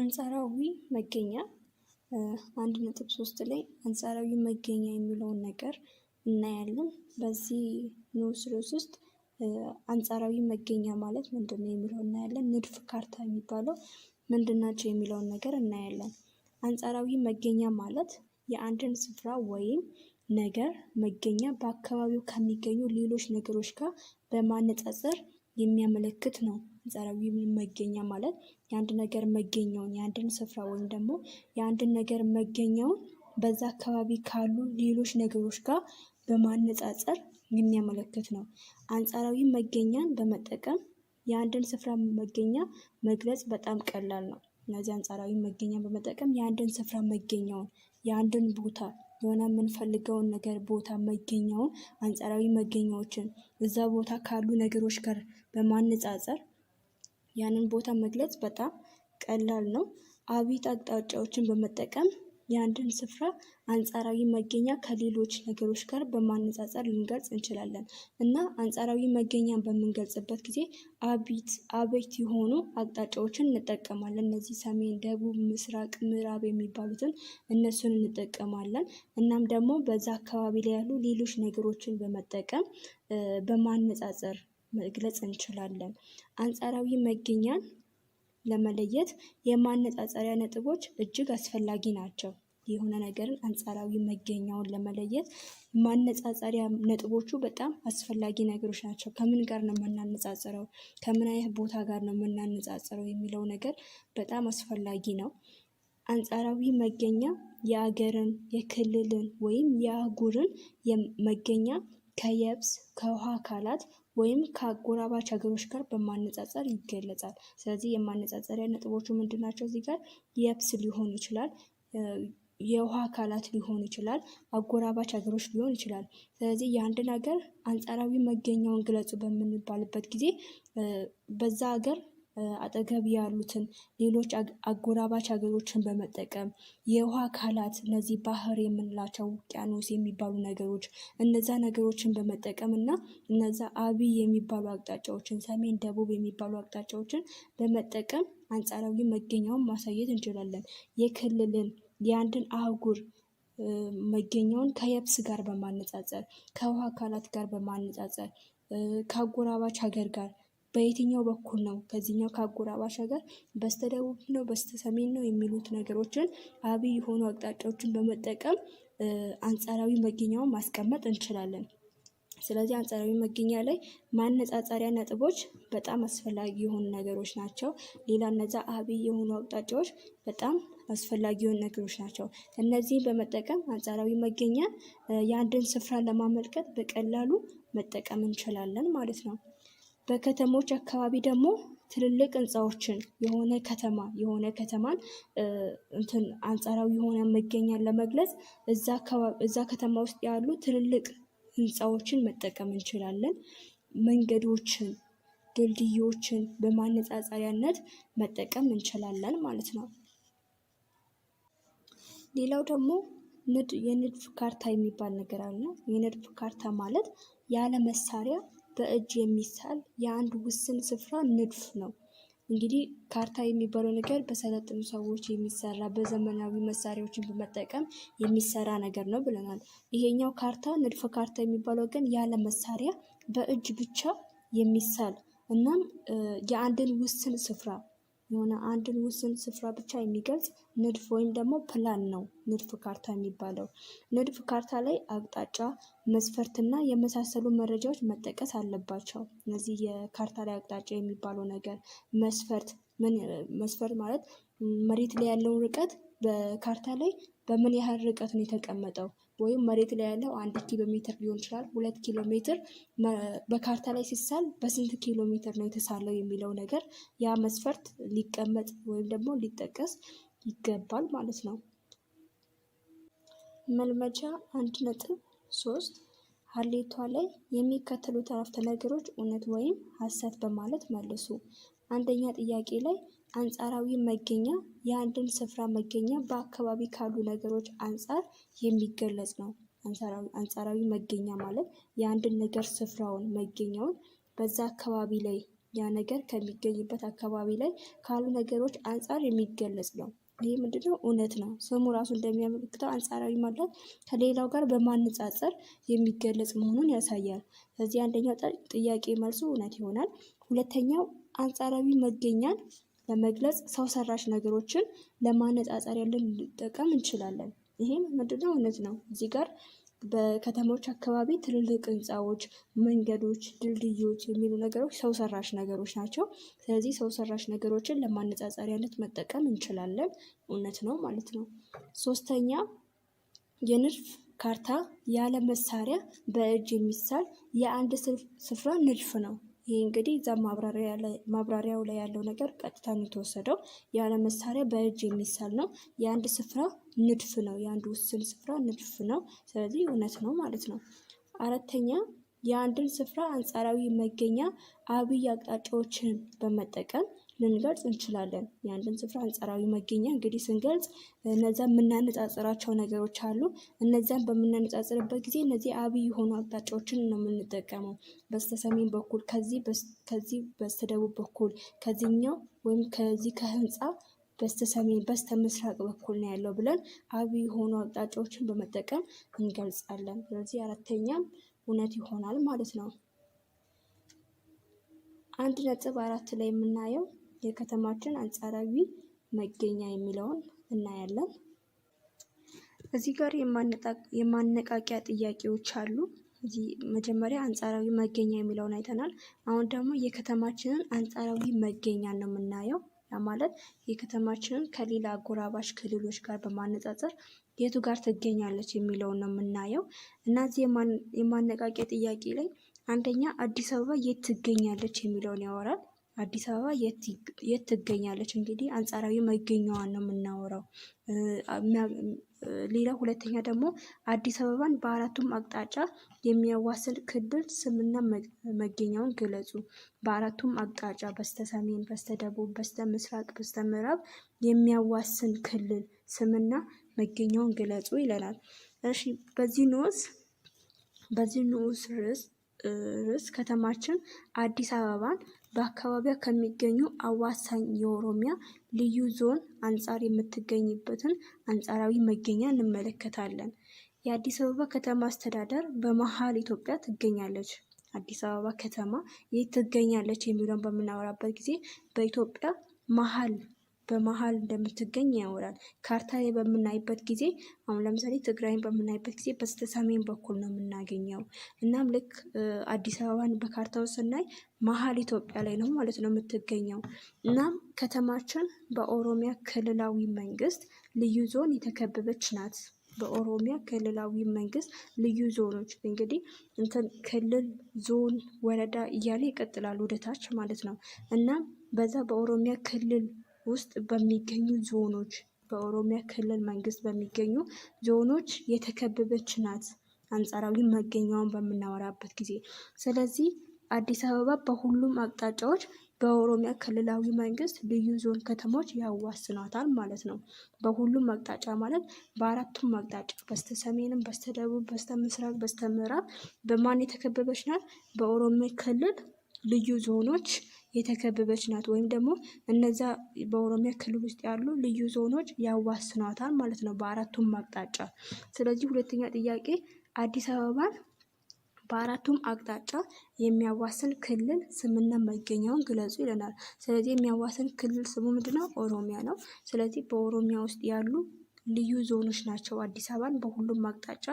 አንጻራዊ መገኛ አንድ ነጥብ ሶስት ላይ አንጻራዊ መገኛ የሚለውን ነገር እናያለን። በዚህ ንዑስ ርዕስ ውስጥ አንጻራዊ መገኛ ማለት ምንድን ነው የሚለው እናያለን። ንድፍ ካርታ የሚባለው ምንድን ናቸው የሚለውን ነገር እናያለን። አንጻራዊ መገኛ ማለት የአንድን ስፍራ ወይም ነገር መገኛ በአካባቢው ከሚገኙ ሌሎች ነገሮች ጋር በማነጻጸር የሚያመለክት ነው። አንጻራዊ መገኛ ማለት የአንድ ነገር መገኛውን የአንድን ስፍራ ወይም ደግሞ የአንድን ነገር መገኛውን በዛ አካባቢ ካሉ ሌሎች ነገሮች ጋር በማነጻጸር የሚያመለክት ነው። አንጻራዊ መገኛን በመጠቀም የአንድን ስፍራ መገኛ መግለጽ በጣም ቀላል ነው። እነዚህ አንጻራዊ መገኛ በመጠቀም የአንድን ስፍራ መገኛውን የአንድን ቦታ የሆነ የምንፈልገውን ነገር ቦታ መገኛውን አንጻራዊ መገኛዎችን እዛ ቦታ ካሉ ነገሮች ጋር በማነፃፀር ያንን ቦታ መግለጽ በጣም ቀላል ነው። አብይት አቅጣጫዎችን በመጠቀም የአንድን ስፍራ አንጻራዊ መገኛ ከሌሎች ነገሮች ጋር በማነጻጸር ልንገልጽ እንችላለን። እና አንጻራዊ መገኛን በምንገልጽበት ጊዜ አቢት አበይት የሆኑ አቅጣጫዎችን እንጠቀማለን እነዚህ ሰሜን፣ ደቡብ፣ ምስራቅ፣ ምዕራብ የሚባሉትን እነሱን እንጠቀማለን። እናም ደግሞ በዛ አካባቢ ላይ ያሉ ሌሎች ነገሮችን በመጠቀም በማነፃፀር መግለጽ እንችላለን። አንጻራዊ መገኛን ለመለየት የማነጻጸሪያ ነጥቦች እጅግ አስፈላጊ ናቸው። የሆነ ነገርን አንጻራዊ መገኛውን ለመለየት ማነጻጸሪያ ነጥቦቹ በጣም አስፈላጊ ነገሮች ናቸው። ከምን ጋር ነው የምናነጻጽረው? ከምን አይነት ቦታ ጋር ነው የምናነጻጽረው? የሚለው ነገር በጣም አስፈላጊ ነው። አንጻራዊ መገኛ የአገርን፣ የክልልን ወይም የአህጉርን መገኛ ከየብስ ከውሃ አካላት ወይም ከአጎራባች ሀገሮች ጋር በማነጻጸር ይገለጻል። ስለዚህ የማነጻጸሪያ ነጥቦቹ ምንድን ናቸው? እዚህ ጋር የብስ ሊሆን ይችላል፣ የውሃ አካላት ሊሆን ይችላል፣ አጎራባች ሀገሮች ሊሆን ይችላል። ስለዚህ የአንድን ሀገር አንጻራዊ መገኛውን ግለጹ በምንባልበት ጊዜ በዛ ሀገር አጠገብ ያሉትን ሌሎች አጎራባች ሀገሮችን በመጠቀም የውሃ አካላት እነዚህ ባህር የምንላቸው ውቅያኖስ የሚባሉ ነገሮች እነዛ ነገሮችን በመጠቀም እና እነዛ አብይ የሚባሉ አቅጣጫዎችን ሰሜን ደቡብ የሚባሉ አቅጣጫዎችን በመጠቀም አንጻራዊ መገኛውን ማሳየት እንችላለን። የክልልን የአንድን አህጉር መገኛውን ከየብስ ጋር በማነጻጸር ከውሃ አካላት ጋር በማነጻጸር ከአጎራባች ሀገር ጋር በየትኛው በኩል ነው ከዚህኛው ከአጎራባሽ ሀገር በስተደቡብ ነው በስተሰሜን ነው የሚሉት ነገሮችን አብይ የሆኑ አቅጣጫዎችን በመጠቀም አንጻራዊ መገኛውን ማስቀመጥ እንችላለን። ስለዚህ አንጻራዊ መገኛ ላይ ማነጻጸሪያ ነጥቦች በጣም አስፈላጊ የሆኑ ነገሮች ናቸው። ሌላ እነዛ አብይ የሆኑ አቅጣጫዎች በጣም አስፈላጊ የሆኑ ነገሮች ናቸው። እነዚህን በመጠቀም አንጻራዊ መገኛ የአንድን ስፍራ ለማመልከት በቀላሉ መጠቀም እንችላለን ማለት ነው። በከተሞች አካባቢ ደግሞ ትልልቅ ህንፃዎችን የሆነ ከተማ የሆነ ከተማን እንትን አንጻራዊ የሆነ መገኛን ለመግለጽ እዛ ከተማ ውስጥ ያሉ ትልልቅ ህንፃዎችን መጠቀም እንችላለን። መንገዶችን፣ ድልድዮችን በማነፃፀሪያነት መጠቀም እንችላለን ማለት ነው። ሌላው ደግሞ የንድፍ ካርታ የሚባል ነገር አለ። የንድፍ ካርታ ማለት ያለ መሳሪያ በእጅ የሚሳል የአንድ ውስን ስፍራ ንድፍ ነው። እንግዲህ ካርታ የሚባለው ነገር በሰለጠኑ ሰዎች የሚሰራ በዘመናዊ መሳሪያዎችን በመጠቀም የሚሰራ ነገር ነው ብለናል። ይሄኛው ካርታ ንድፈ ካርታ የሚባለው ግን ያለ መሳሪያ በእጅ ብቻ የሚሳል እናም የአንድን ውስን ስፍራ የሆነ አንድን ውስን ስፍራ ብቻ የሚገልጽ ንድፍ ወይም ደግሞ ፕላን ነው ንድፍ ካርታ የሚባለው። ንድፍ ካርታ ላይ አቅጣጫ፣ መስፈርትና የመሳሰሉ መረጃዎች መጠቀስ አለባቸው። እነዚህ የካርታ ላይ አቅጣጫ የሚባለው ነገር መስፈርት መስፈርት ማለት መሬት ላይ ያለውን ርቀት በካርታ ላይ በምን ያህል ርቀት ነው የተቀመጠው ወይም መሬት ላይ ያለው አንድ ኪሎ ሜትር ሊሆን ይችላል። ሁለት ኪሎ ሜትር በካርታ ላይ ሲሳል በስንት ኪሎ ሜትር ነው የተሳለው የሚለው ነገር ያ መስፈርት ሊቀመጥ ወይም ደግሞ ሊጠቀስ ይገባል ማለት ነው። መልመጃ አንድ ነጥብ ሶስት ሀሌቷ ላይ የሚከተሉት አረፍተ ነገሮች እውነት ወይም ሀሰት በማለት መልሱ። አንደኛ ጥያቄ ላይ አንጻራዊ መገኛ የአንድን ስፍራ መገኛ በአካባቢ ካሉ ነገሮች አንፃር የሚገለጽ ነው። አንጻራዊ መገኛ ማለት የአንድን ነገር ስፍራውን መገኛውን በዛ አካባቢ ላይ ያ ነገር ከሚገኝበት አካባቢ ላይ ካሉ ነገሮች አንፃር የሚገለጽ ነው። ይህ ምንድነው? እውነት ነው ስሙ ራሱ እንደሚያመለክተው አንጻራዊ ማለት ከሌላው ጋር በማነጻጸር የሚገለጽ መሆኑን ያሳያል። ስለዚህ አንደኛው ጥያቄ መልሱ እውነት ይሆናል። ሁለተኛው አንጻራዊ መገኛን ለመግለጽ ሰው ሰራሽ ነገሮችን ለማነጻጸር ያለን ልንጠቀም እንችላለን። ይህም ምንድነው እውነት ነው። እዚህ ጋር በከተሞች አካባቢ ትልልቅ ህንፃዎች፣ መንገዶች፣ ድልድዮች የሚሉ ነገሮች ሰው ሰራሽ ነገሮች ናቸው። ስለዚህ ሰው ሰራሽ ነገሮችን ለማነጻጸሪያነት መጠቀም እንችላለን። እውነት ነው ማለት ነው። ሶስተኛ የንድፍ ካርታ ያለ መሳሪያ በእጅ የሚሳል የአንድ ስፍራ ንድፍ ነው። ይህ እንግዲህ እዛ ማብራሪያው ላይ ያለው ነገር ቀጥታ ነው የተወሰደው። ያለ መሳሪያ በእጅ የሚሳል ነው። የአንድ ስፍራ ንድፍ ነው። የአንድ ውስን ስፍራ ንድፍ ነው። ስለዚህ እውነት ነው ማለት ነው። አራተኛ የአንድን ስፍራ አንጻራዊ መገኛ አብይ አቅጣጫዎችን በመጠቀም ልንገልጽ እንችላለን። የአንድን ስፍራ አንጻራዊ መገኛ እንግዲህ ስንገልጽ እነዛ የምናነጻጽራቸው ነገሮች አሉ። እነዚያን በምናነጻጽርበት ጊዜ እነዚህ አብይ የሆኑ አቅጣጫዎችን ነው የምንጠቀመው። በስተሰሜን በኩል ከዚህ ከዚህ በስተደቡብ በኩል ከዚህኛው ወይም ከዚህ ከህንፃ በስተሰሜን በስተ ምስራቅ በኩል ነው ያለው ብለን አብይ የሆኑ አቅጣጫዎችን በመጠቀም እንገልጻለን። ስለዚህ አራተኛም እውነት ይሆናል ማለት ነው። አንድ ነጥብ አራት ላይ የምናየው የከተማችን አንጻራዊ መገኛ የሚለውን እናያለን። እዚህ ጋር የማነቃቂያ ጥያቄዎች አሉ። እዚህ መጀመሪያ አንጻራዊ መገኛ የሚለውን አይተናል። አሁን ደግሞ የከተማችንን አንጻራዊ መገኛ ነው የምናየው። ያ ማለት የከተማችንን ከሌላ አጎራባች ክልሎች ጋር በማነጻጸር የቱ ጋር ትገኛለች የሚለውን ነው የምናየው እና እዚህ የማነቃቂያ ጥያቄ ላይ አንደኛ አዲስ አበባ የት ትገኛለች የሚለውን ያወራል። አዲስ አበባ የት ትገኛለች? እንግዲህ አንጻራዊ መገኛዋን ነው የምናወራው። ሌላው ሁለተኛ ደግሞ አዲስ አበባን በአራቱም አቅጣጫ የሚያዋስን ክልል ስምና መገኛውን ግለጹ። በአራቱም አቅጣጫ በስተ ሰሜን፣ በስተ ደቡብ፣ በስተ ምስራቅ፣ በስተ ምዕራብ የሚያዋስን ክልል ስምና መገኛውን ግለጹ ይለናል። እሺ በዚህ ንዑስ በዚህ ንዑስ ርዕስ ከተማችን አዲስ አበባን በአካባቢያ ከሚገኙ አዋሳኝ የኦሮሚያ ልዩ ዞን አንጻር የምትገኝበትን አንጻራዊ መገኛ እንመለከታለን። የአዲስ አበባ ከተማ አስተዳደር በመሀል ኢትዮጵያ ትገኛለች። አዲስ አበባ ከተማ የት ትገኛለች የሚለውን በምናወራበት ጊዜ በኢትዮጵያ መሀል በመሀል እንደምትገኝ ያወራል። ካርታ ላይ በምናይበት ጊዜ አሁን ለምሳሌ ትግራይን በምናይበት ጊዜ በስተሰሜን በኩል ነው የምናገኘው። እናም ልክ አዲስ አበባን በካርታው ስናይ መሀል ኢትዮጵያ ላይ ነው ማለት ነው የምትገኘው። እናም ከተማችን በኦሮሚያ ክልላዊ መንግስት ልዩ ዞን የተከበበች ናት። በኦሮሚያ ክልላዊ መንግስት ልዩ ዞኖች እንግዲህ እንትን ክልል፣ ዞን፣ ወረዳ እያለ ይቀጥላል ወደታች ማለት ነው እና በዛ በኦሮሚያ ክልል ውስጥ በሚገኙ ዞኖች በኦሮሚያ ክልል መንግስት በሚገኙ ዞኖች የተከበበች ናት አንጻራዊ መገኛውን በምናወራበት ጊዜ። ስለዚህ አዲስ አበባ በሁሉም አቅጣጫዎች በኦሮሚያ ክልላዊ መንግስት ልዩ ዞን ከተሞች ያዋስኗታል ማለት ነው። በሁሉም አቅጣጫ ማለት በአራቱም አቅጣጫ በስተ ሰሜንም፣ በስተ ደቡብ፣ በስተ ምስራቅ፣ በስተ ምዕራብ በማን የተከበበች ናት? በኦሮሚያ ክልል ልዩ ዞኖች የተከበበች ናት ወይም ደግሞ እነዛ በኦሮሚያ ክልል ውስጥ ያሉ ልዩ ዞኖች ያዋስኗታል ማለት ነው በአራቱም አቅጣጫ። ስለዚህ ሁለተኛ ጥያቄ አዲስ አበባን በአራቱም አቅጣጫ የሚያዋስን ክልል ስምና መገኛውን ግለጹ ይለናል። ስለዚህ የሚያዋስን ክልል ስሙ ምንድነው? ኦሮሚያ ነው። ስለዚህ በኦሮሚያ ውስጥ ያሉ ልዩ ዞኖች ናቸው አዲስ አበባን በሁሉም አቅጣጫ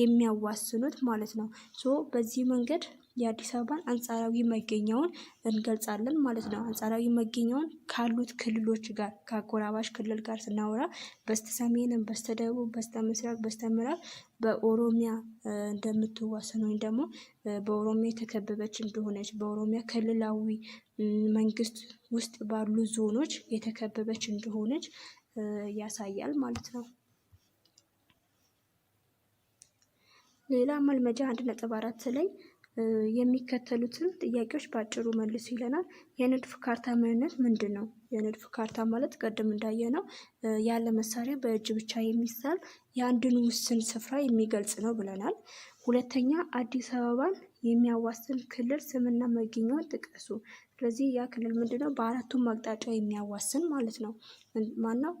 የሚያዋስኑት ማለት ነው። ሶ በዚህ መንገድ የአዲስ አበባን አንጻራዊ መገኛውን እንገልጻለን ማለት ነው። አንጻራዊ መገኛውን ካሉት ክልሎች ጋር ከአጎራባሽ ክልል ጋር ስናወራ በስተ ሰሜንም፣ በስተ ደቡብ፣ በስተ ምስራቅ፣ በስተ ምዕራብ በኦሮሚያ እንደምትዋሰን ወይም ደግሞ በኦሮሚያ የተከበበች እንደሆነች በኦሮሚያ ክልላዊ መንግስት ውስጥ ባሉ ዞኖች የተከበበች እንደሆነች ያሳያል ማለት ነው። ሌላ መልመጃ አንድ ነጥብ አራት ላይ የሚከተሉትን ጥያቄዎች በአጭሩ መልሱ ይለናል። የንድፍ ካርታ ምንነት ምንድን ነው? የንድፍ ካርታ ማለት ቀደም ነው ያለ መሳሪያ በእጅ ብቻ የሚሳል የአንድን ውስን ስፍራ የሚገልጽ ነው ብለናል። ሁለተኛ አዲስ አበባን የሚያዋስን ክልል ስምና መገኛውን ጥቀሱ። ስለዚህ ያ ክልል ምንድን ነው? በአራቱም አቅጣጫ የሚያዋስን ማለት ነው። ማነው?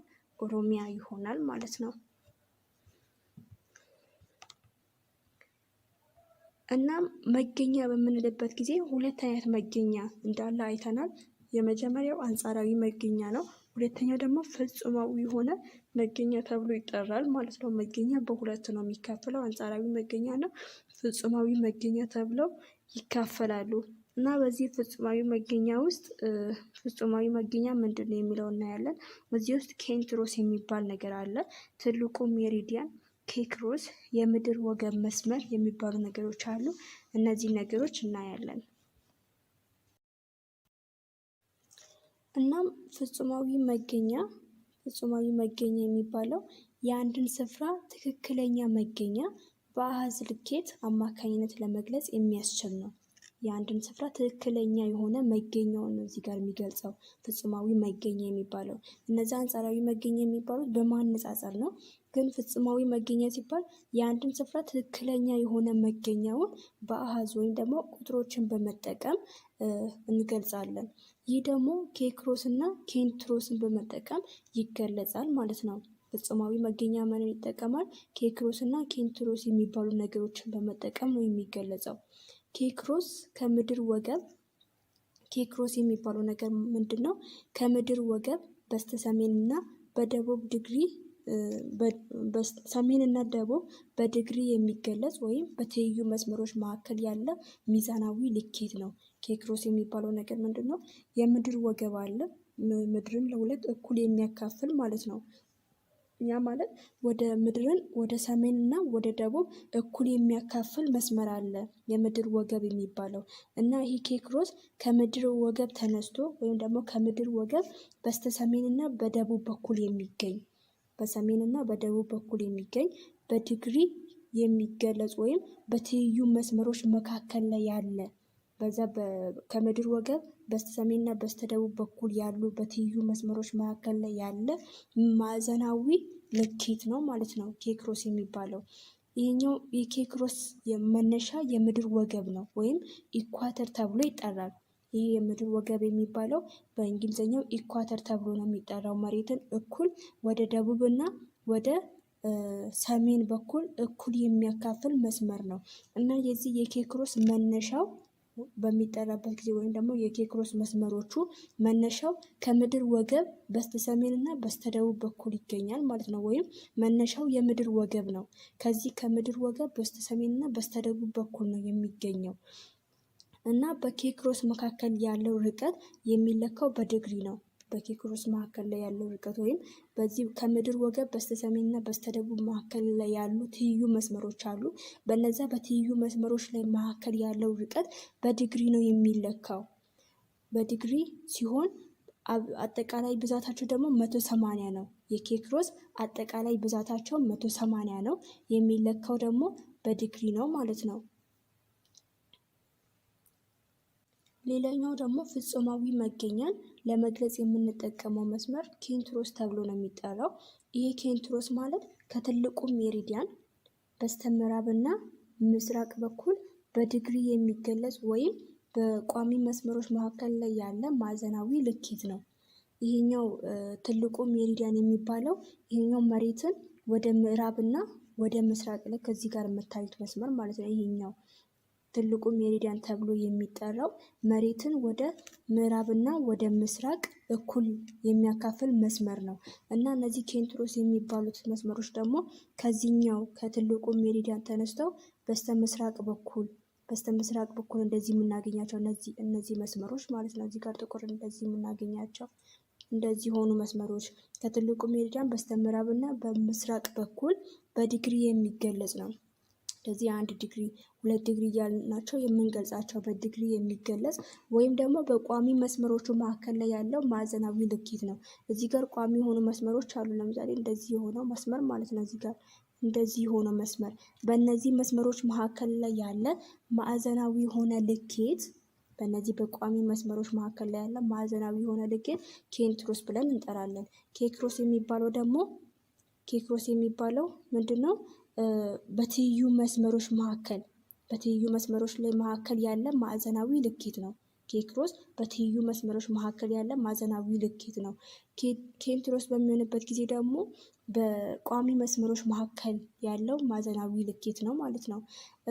ኦሮሚያ ይሆናል ማለት ነው። እናም መገኛ በምንልበት ጊዜ ሁለት አይነት መገኛ እንዳለ አይተናል። የመጀመሪያው አንጻራዊ መገኛ ነው። ሁለተኛው ደግሞ ፍጹማዊ የሆነ መገኛ ተብሎ ይጠራል ማለት ነው። መገኛ በሁለት ነው የሚካፈለው፣ አንጻራዊ መገኛ እና ፍጹማዊ መገኛ ተብለው ይካፈላሉ። እና በዚህ ፍጹማዊ መገኛ ውስጥ ፍጹማዊ መገኛ ምንድን ነው የሚለው እናያለን። በዚህ ውስጥ ኬንትሮስ የሚባል ነገር አለ። ትልቁ ሜሪዲያን ኬክ ሩዝ፣ የምድር ወገብ መስመር የሚባሉ ነገሮች አሉ። እነዚህ ነገሮች እናያለን። እናም ፍጹማዊ መገኛ ፍጹማዊ መገኛ የሚባለው የአንድን ስፍራ ትክክለኛ መገኛ በአሃዝ ልኬት አማካኝነት ለመግለጽ የሚያስችል ነው። የአንድን ስፍራ ትክክለኛ የሆነ መገኛውን ነው እዚህ ጋር የሚገልጸው ፍጹማዊ መገኛ የሚባለው። እነዚህ አንጻራዊ መገኛ የሚባሉት በማነጻጸር ነው። ግን ፍጹማዊ መገኛ ሲባል የአንድን ስፍራ ትክክለኛ የሆነ መገኛውን በአሃዝ ወይም ደግሞ ቁጥሮችን በመጠቀም እንገልጻለን። ይህ ደግሞ ኬክሮስ እና ኬንትሮስን በመጠቀም ይገለጻል ማለት ነው። ፍጹማዊ መገኛ መንን ይጠቀማል። ኬክሮስ እና ኬንትሮስ የሚባሉ ነገሮችን በመጠቀም ነው የሚገለጸው። ኬክሮስ ከምድር ወገብ ኬክሮስ የሚባለው ነገር ምንድን ነው? ከምድር ወገብ በስተሰሜን እና በደቡብ ዲግሪ ሰሜን እና ደቡብ በዲግሪ የሚገለጽ ወይም በትይዩ መስመሮች መካከል ያለ ሚዛናዊ ልኬት ነው። ኬክሮስ የሚባለው ነገር ምንድን ነው? የምድር ወገብ አለ። ምድርን ለሁለት እኩል የሚያካፍል ማለት ነው። ያ ማለት ወደ ምድርን ወደ ሰሜን እና ወደ ደቡብ እኩል የሚያካፍል መስመር አለ የምድር ወገብ የሚባለው እና ይህ ኬክሮስ ከምድር ወገብ ተነስቶ ወይም ደግሞ ከምድር ወገብ በስተ ሰሜን እና በደቡብ በኩል የሚገኝ በሰሜን እና በደቡብ በኩል የሚገኝ በዲግሪ የሚገለጽ ወይም በትይዩ መስመሮች መካከል ላይ ያለ በዛ ከምድር ወገብ በስተሰሜንና በስተደቡብ በኩል ያሉ በትይዩ መስመሮች መካከል ላይ ያለ ማዕዘናዊ ልኬት ነው ማለት ነው ኬክሮስ የሚባለው። ይህኛው የኬክሮስ መነሻ የምድር ወገብ ነው ወይም ኢኳተር ተብሎ ይጠራል። ይህ የምድር ወገብ የሚባለው በእንግሊዝኛው ኢኳተር ተብሎ ነው የሚጠራው። መሬትን እኩል ወደ ደቡብ እና ወደ ሰሜን በኩል እኩል የሚያካፍል መስመር ነው እና የዚህ የኬክሮስ መነሻው በሚጠራበት ጊዜ ወይም ደግሞ የኬክሮስ መስመሮቹ መነሻው ከምድር ወገብ በስተሰሜን እና በስተደቡብ በኩል ይገኛል ማለት ነው። ወይም መነሻው የምድር ወገብ ነው። ከዚህ ከምድር ወገብ በስተሰሜን እና በስተደቡብ በኩል ነው የሚገኘው እና በኬክሮስ መካከል ያለው ርቀት የሚለካው በድግሪ ነው። በኬክሮስ መካከል ላይ ያለው ርቀት ወይም በዚህ ከምድር ወገብ በስተሰሜንና በስተደቡብ መካከል ላይ ያሉ ትይዩ መስመሮች አሉ። በነዛ በትይዩ መስመሮች ላይ መካከል ያለው ርቀት በዲግሪ ነው የሚለካው። በዲግሪ ሲሆን አጠቃላይ ብዛታቸው ደግሞ መቶ ሰማንያ ነው። የኬክሮስ አጠቃላይ ብዛታቸው መቶ ሰማንያ ነው። የሚለካው ደግሞ በዲግሪ ነው ማለት ነው። ሌላኛው ደግሞ ፍጹማዊ መገኛን ለመግለጽ የምንጠቀመው መስመር ኬንትሮስ ተብሎ ነው የሚጠራው። ይሄ ኬንትሮስ ማለት ከትልቁ ሜሪዲያን በስተምዕራብና ምስራቅ በኩል በዲግሪ የሚገለጽ ወይም በቋሚ መስመሮች መካከል ላይ ያለ ማዕዘናዊ ልኬት ነው። ይሄኛው ትልቁ ሜሪዲያን የሚባለው ይሄኛው መሬትን ወደ ምዕራብና ወደ ምስራቅ ልክ እዚህ ጋር የምታዩት መስመር ማለት ነው ይሄኛው ትልቁ ሜሪዳን ተብሎ የሚጠራው መሬትን ወደ ምዕራብና ወደ ምስራቅ እኩል የሚያካፍል መስመር ነው እና እነዚህ ኬንትሮስ የሚባሉት መስመሮች ደግሞ ከዚህኛው ከትልቁ ሜሪዳን ተነስተው ምስራቅ በኩል ምስራቅ በኩል እንደዚህ የምናገኛቸው እነዚህ እነዚህ መስመሮች ማለት ነው። እዚህ ጋር ጥቁር እንደዚህ የምናገኛቸው እንደዚህ ሆኑ መስመሮች ከትልቁ ሜሪዲያን በስተምዕራብ እና በምስራቅ በኩል በዲግሪ የሚገለጽ ነው። ስለዚህ አንድ ዲግሪ ሁለት ዲግሪ እያልናቸው የምንገልጻቸው በዲግሪ የሚገለጽ ወይም ደግሞ በቋሚ መስመሮቹ መካከል ላይ ያለው ማዕዘናዊ ልኬት ነው። እዚህ ጋር ቋሚ የሆኑ መስመሮች አሉ። ለምሳሌ እንደዚህ የሆነው መስመር ማለት ነው። እዚህ ጋር እንደዚህ የሆነው መስመር በእነዚህ መስመሮች መካከል ላይ ያለ ማዕዘናዊ የሆነ ልኬት በእነዚህ በቋሚ መስመሮች መካከል ላይ ያለ ማዕዘናዊ የሆነ ልኬት ኬንትሮስ ብለን እንጠራለን። ኬክሮስ የሚባለው ደግሞ ኬክሮስ የሚባለው ምንድን ነው? በትይዩ መስመሮች መካከል በትይዩ መስመሮች ላይ መካከል ያለ ማዕዘናዊ ልኬት ነው። ኬክሮስ በትይዩ መስመሮች መካከል ያለ ማዕዘናዊ ልኬት ነው። ኬንትሮስ በሚሆንበት ጊዜ ደግሞ በቋሚ መስመሮች መካከል ያለው ማዕዘናዊ ልኬት ነው ማለት ነው።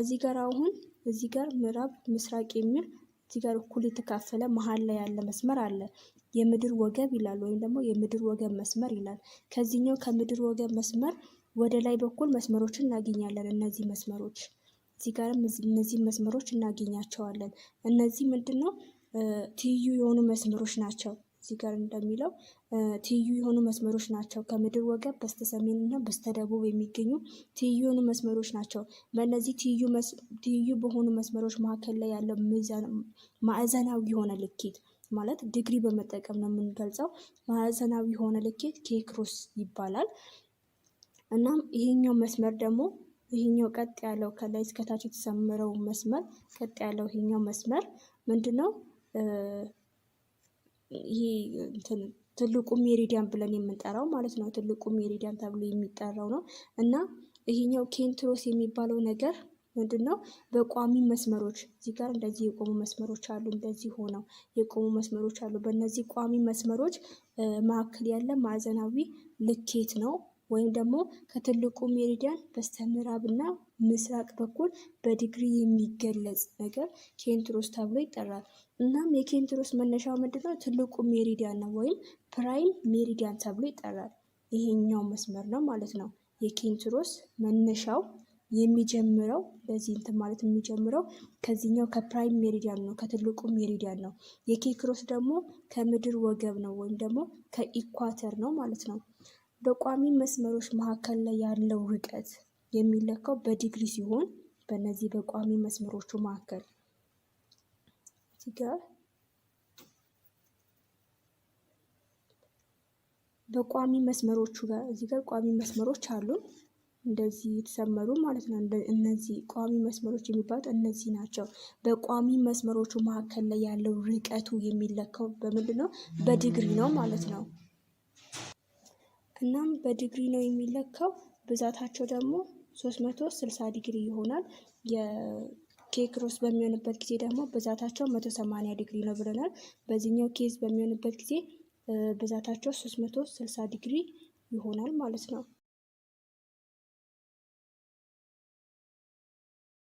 እዚህ ጋር አሁን እዚህ ጋር ምዕራብ፣ ምስራቅ የሚል እዚህ ጋር እኩል የተካፈለ መሀል ላይ ያለ መስመር አለ። የምድር ወገብ ይላል፣ ወይም ደግሞ የምድር ወገብ መስመር ይላል። ከዚህኛው ከምድር ወገብ መስመር ወደ ላይ በኩል መስመሮችን እናገኛለን። እነዚህ መስመሮች እዚህ ጋርም እነዚህ መስመሮች እናገኛቸዋለን። እነዚህ ምንድን ነው ትይዩ የሆኑ መስመሮች ናቸው። እዚህ ጋር እንደሚለው ትይዩ የሆኑ መስመሮች ናቸው። ከምድር ወገብ በስተ ሰሜን እና በስተ ደቡብ የሚገኙ ትይዩ የሆኑ መስመሮች ናቸው። በእነዚህ ትይዩ በሆኑ መስመሮች መካከል ላይ ያለው ማዕዘናዊ የሆነ ልኬት ማለት ዲግሪ በመጠቀም ነው የምንገልጸው። ማዕዘናዊ የሆነ ልኬት ኬክሮስ ይባላል። እናም ይሄኛው መስመር ደግሞ ይሄኛው ቀጥ ያለው ከላይ እስከታች የተሰመረው መስመር ቀጥ ያለው ይሄኛው መስመር ምንድነው? ይሄ ትልቁ ሜሪዲያን ብለን የምንጠራው ማለት ነው። ትልቁ ሜሪዲያን ተብሎ የሚጠራው ነው እና ይሄኛው ኬንትሮስ የሚባለው ነገር ምንድነው? በቋሚ መስመሮች እዚህ ጋር እንደዚህ የቆሙ መስመሮች አሉ። እንደዚህ ሆነው የቆሙ መስመሮች አሉ። በእነዚህ ቋሚ መስመሮች መካከል ያለ ማዕዘናዊ ልኬት ነው ወይም ደግሞ ከትልቁ ሜሪዲያን በስተምዕራብና ምስራቅ በኩል በዲግሪ የሚገለጽ ነገር ኬንትሮስ ተብሎ ይጠራል። እናም የኬንትሮስ መነሻው ምንድነው? ትልቁ ሜሪዲያን ነው ወይም ፕራይም ሜሪዲያን ተብሎ ይጠራል። ይሄኛው መስመር ነው ማለት ነው። የኬንትሮስ መነሻው የሚጀምረው በዚህ እንትን ማለት የሚጀምረው ከዚህኛው ከፕራይም ሜሪዲያን ነው ከትልቁ ሜሪዲያን ነው። የኬክሮስ ደግሞ ከምድር ወገብ ነው ወይም ደግሞ ከኢኳተር ነው ማለት ነው። በቋሚ መስመሮች መካከል ላይ ያለው ርቀት የሚለካው በዲግሪ ሲሆን በእነዚህ በቋሚ መስመሮቹ መካከል ጋር በቋሚ መስመሮቹ ጋር እዚህ ጋር ቋሚ መስመሮች አሉን እንደዚህ የተሰመሩ ማለት ነው። እነዚህ ቋሚ መስመሮች የሚባሉት እነዚህ ናቸው። በቋሚ መስመሮቹ መካከል ላይ ያለው ርቀቱ የሚለካው በምንድን ነው? በዲግሪ ነው ማለት ነው። እናም በዲግሪ ነው የሚለካው። ብዛታቸው ደግሞ 360 ዲግሪ ይሆናል። የኬክ ሮስ በሚሆንበት ጊዜ ደግሞ ብዛታቸው 180 ዲግሪ ነው ብለናል። በዚህኛው ኬዝ በሚሆንበት ጊዜ ብዛታቸው 360 ዲግሪ ይሆናል ማለት ነው።